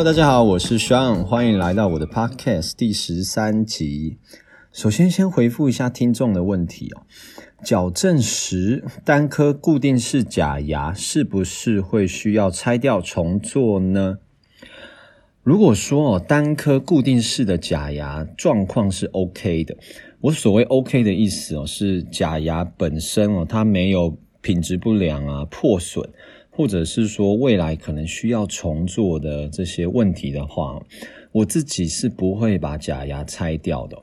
Hello，大家好，我是 Sean，歡迎來到我的 Podcast 第十三集。首先，先回復一下聽眾的問題哦：矯正時單顆固定式假牙是不是會需要拆掉重做呢？如果說哦，單顆固定式的假牙狀況是 OK 的，我所謂 OK 的意思哦，是假牙本身哦，它沒有品質不良啊、破損。或者是說未來可能需要重做的這些問題的話，我自己是不會把假牙拆掉的。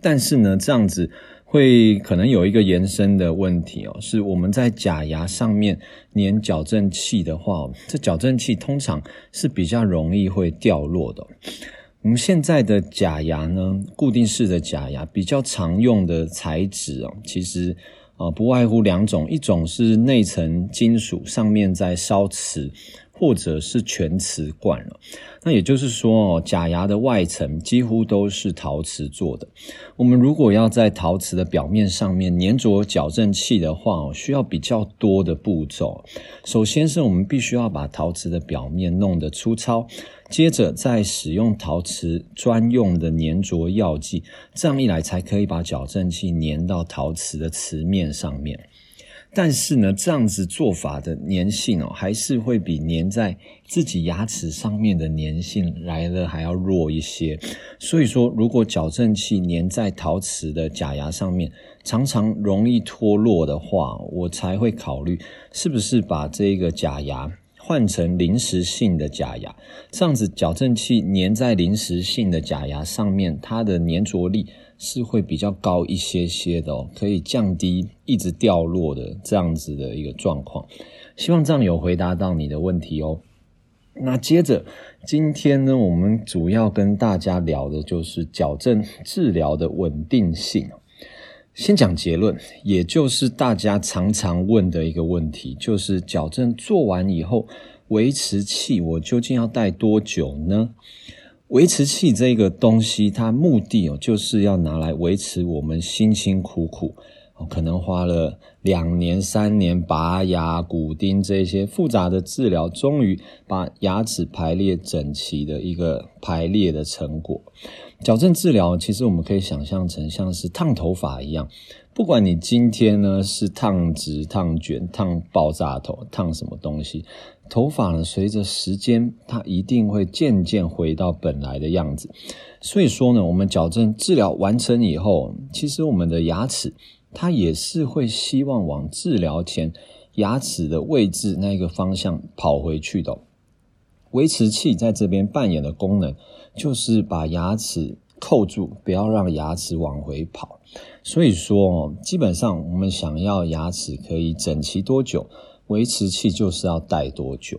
但是呢，這樣子會可能有一個延伸的問題哦，是我們在假牙上面粘矯正器的話，這矯正器通常是比較容易會掉落的。我們現在的假牙呢，固定式的假牙比較常用的材質哦，其實。啊、哦，不外乎兩種，一種是內層金屬上面在燒瓷。或者是全瓷冠了，那也就是說哦，假牙的外層幾乎都是陶瓷做的。我們如果要在陶瓷的表面上面粘着矯正器的話，需要比較多的步驟。首先是我們必須要把陶瓷的表面弄得粗糙，接着再使用陶瓷專用的粘着藥劑，這樣一來才可以把矯正器粘到陶瓷的瓷面上面。但是呢，這樣子做法的粘性哦，還是會比粘在自己牙齒上面的粘性來得還要弱一些。所以說，如果矯正器粘在陶瓷的假牙上面，常常容易脫落的話，我才會考慮是不是把這個假牙換成臨時性的假牙。這樣子，矯正器粘在臨時性的假牙上面，它的粘着力，是會比較高一些些的哦，可以降低一直掉落的這樣子的一個狀況。希望這樣有回答到你的問題哦。那接着今天呢，我們主要跟大家聊的就是矯正治療的穩定性。先講結論，也就是大家常常問的一個問題，就是矯正做完以後，維持器我究竟要戴多久呢？維持器這個東西，它目的哦就是要拿來維持我們辛辛苦苦可能花了兩年三年拔牙、骨釘這些複雜的治療，終於把牙齒排列整齊的一個排列的成果。矯正治療其實我們可以想象成像是燙頭髮一樣，不管你今天呢是燙直、燙捲、燙爆炸頭、燙什麼東西。頭髮呢，隨着時間，它一定會漸漸回到本來的樣子。所以說呢，我們矯正治療完成以後，其實我們的牙齒它也是會希望往治療前牙齒的位置那個方向跑回去的。維持器在這邊扮演的功能，就是把牙齒扣住，不要讓牙齒往回跑。所以說，基本上我們想要牙齒可以整齊多久？維持器就是要戴多久？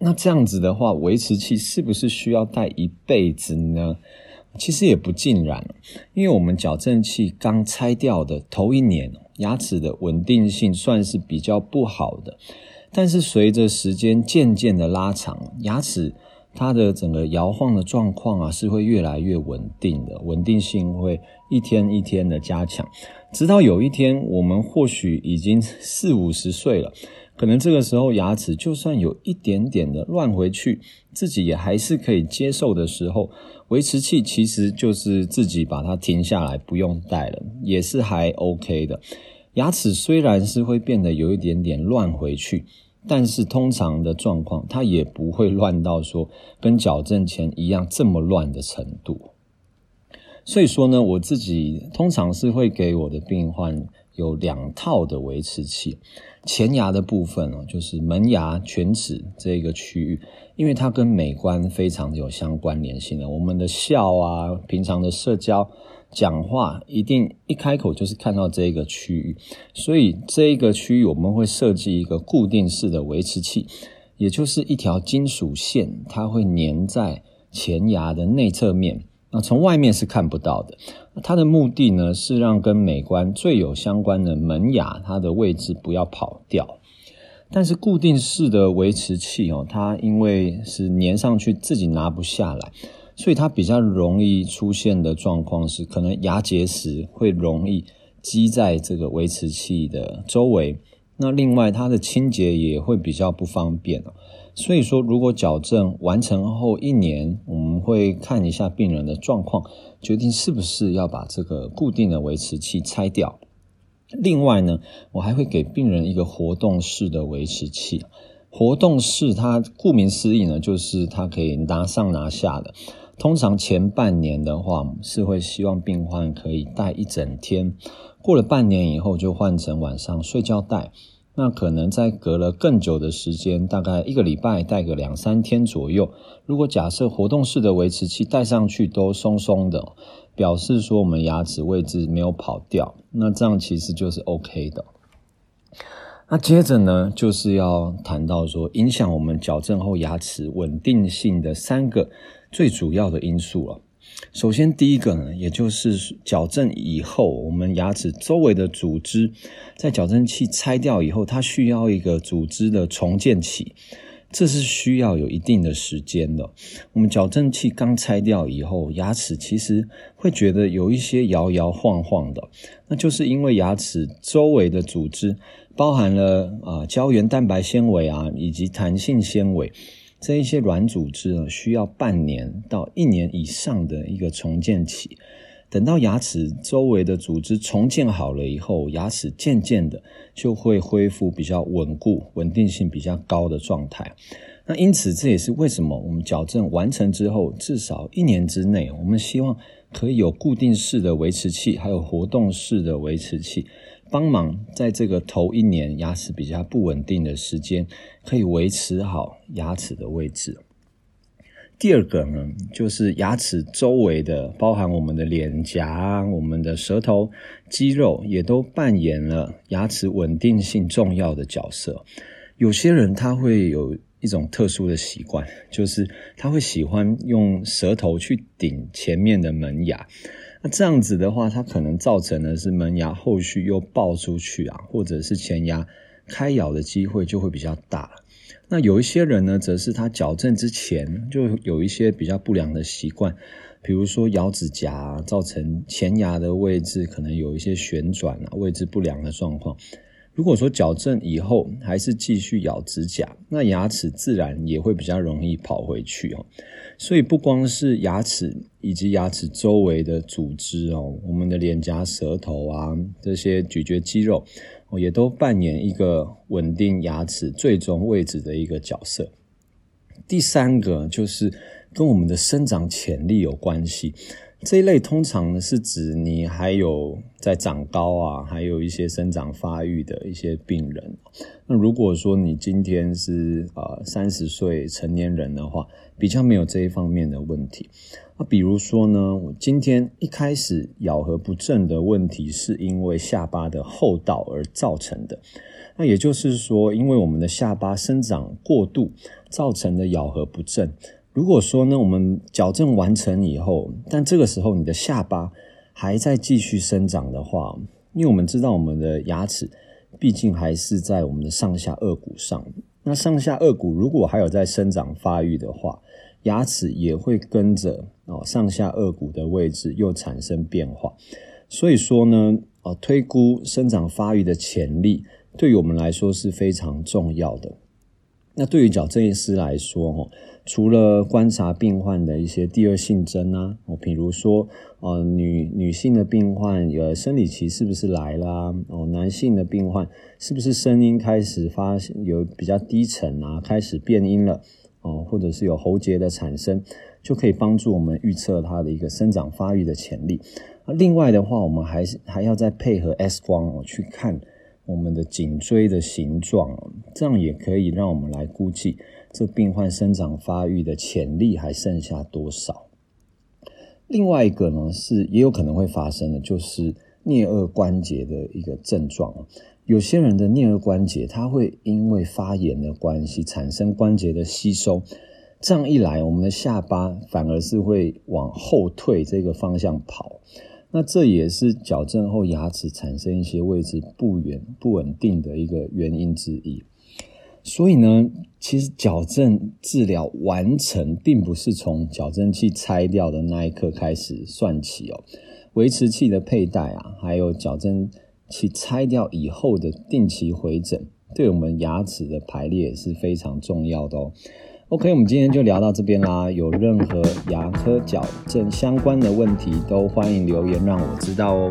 那這樣子的話，維持器是不是需要戴一輩子呢？其實也不盡然，因為我們矯正器剛拆掉的頭一年，牙齒的穩定性算是比較不好的。但是隨着時間漸漸的拉長，牙齒它的整個搖晃的狀況啊，是會越來越穩定的，穩定性會。一天一天的加強，直到有一天我們或許已經四五十歲了，可能這個時候牙齒就算有一點點的亂回去，自己也還是可以接受的時候，維持器其實就是自己把它停下來，不用戴了，也是還 OK 的。牙齒雖然是會變得有一點點亂回去，但是通常的狀況，它也不會亂到說跟矯正前一樣這麼亂的程度。所以說呢，我自己通常是會給我的病患有兩套的維持器，前牙的部分哦，就是門牙、犬齒這個區域，因為它跟美觀非常有相關聯性的，我們的笑啊，平常的社交、講話，一定一開口就是看到這個區域，所以這一個區域我們會設計一個固定式的維持器，也就是一條金屬線，它會粘在前牙的內側面。那從外面是看不到的，它的目的呢，是讓跟美觀最有相關的門牙，它的位置不要跑掉，但是固定式的維持器哦，它因為是粘上去自己拿不下來，所以它比較容易出現的狀況是，可能牙結石會容易積在這個維持器的周圍，那另外它的清潔也會比較不方便，所以說如果矯正完成後一年，我們。會看一下病人的狀況，決定是不是要把這個固定的維持器拆掉。另外呢，我還會給病人一個活動式的維持器。活動式它顧名思義呢，就是它可以拿上拿下的。通常前半年的話，是會希望病患可以戴一整天，過了半年以後就換成晚上睡覺戴。那可能在隔了更久的時間，大概一個禮拜戴個兩三天左右。如果假設活動式的維持器戴上去都鬆松的，表示說我們牙齒位置沒有跑掉，那這樣其實就是 OK 的。那接着呢，就是要談到說影響我們矯正後牙齒穩定性的三個最主要的因素了。首先，第一個呢，也就是矯正以後，我們牙齒周圍的組織在矯正器拆掉以後，它需要一個組織的重建期，這是需要有一定的時間的。我們矯正器剛拆掉以後，牙齒其實會覺得有一些搖搖晃晃的，那就是因為牙齒周圍的組織包含了啊、呃、膠原蛋白纖維啊以及彈性纖維。這一些軟組織需要半年到一年以上的一個重建期。等到牙齒周圍的組織重建好了以後，牙齒漸漸的就會恢復比較穩固、穩定性比較高的狀態。那因此，這也是為什麼我們矯正完成之後，至少一年之內，我們希望可以有固定式的維持器，還有活動式的維持器。幫忙在這個頭一年牙齒比較不穩定的時間，可以維持好牙齒的位置。第二個呢，就是牙齒周圍的，包含我們的臉頰、我們的舌頭、肌肉，也都扮演了牙齒穩定性重要的角色。有些人他會有一種特殊的習慣，就是他會喜歡用舌頭去頂前面的門牙。那這樣子的話，它可能造成的是門牙後續又爆出去啊，或者是前牙開咬的機會就會比較大。那有一些人呢，則是他矯正之前就有一些比較不良的習慣，比如說咬指甲啊，造成前牙的位置可能有一些旋轉啊，位置不良的狀況。如果說矯正以後，還是繼續咬指甲，那牙齒自然也會比較容易跑回去哦。所以不光是牙齒以及牙齒周圍的組織哦，我們的臉頰、舌頭啊這些咀嚼肌肉也都扮演一個穩定牙齒最終位置的一個角色。第三個就是跟我們的生長潛力有關係。這一類通常是指你還有在長高啊，還有一些生長發育的一些病人。那如果說你今天是呃三十歲成年人的話，比較沒有這一方面的問題。那比如說呢，我今天一開始咬合不正的問題，是因為下巴的戽斗而造成的。那也就是說，因為我們的下巴生長過度造成的咬合不正。如果說呢，我們矯正完成以後，但這個時候你的下巴還在繼續生長的話，因為我們知道我們的牙齒畢竟還是在我們的上下顎骨上，那上下顎骨如果還有在生長發育的話，牙齒也會跟着哦上下顎骨的位置又產生變化，所以說呢，哦推估生長發育的潛力，對於我們來說是非常重要的。那對於矯正醫師來說，除了觀察病患的一些第二性徵啊，哦，比如說，呃，女女性的病患有、呃、生理期是不是來啦、啊？哦、呃，男性的病患是不是聲音開始發有比較低沉啊，開始變音了？哦、呃，或者是有喉結的產生，就可以幫助我們預測他的一個生長發育的潛力、呃。另外的話，我們還是還要再配合 X 光哦、呃、去看。我們的頸椎的形狀，這樣也可以讓我們來估計這病患生長發育的潛力還剩下多少。另外一個呢，是也有可能會發生的，就是顳頜關節的一個症狀。有些人的顳頜關節，它會因為發炎的關係，產生關節的吸收。這樣一來，我們的下巴反而是會往後退這個方向跑。那這也是矯正後牙齒產生一些位置不穩、不穩定的一個原因之一。所以呢，其實矯正治療完成，並不是從矯正器拆掉的那一刻開始算起哦。維持器的佩戴啊，還有矯正器拆掉以後的定期回診，對我們牙齒的排列也是非常重要的哦。OK，我們今天就聊到這邊啦。有任何牙科矯正相關的問題，都歡迎留言讓我知道哦。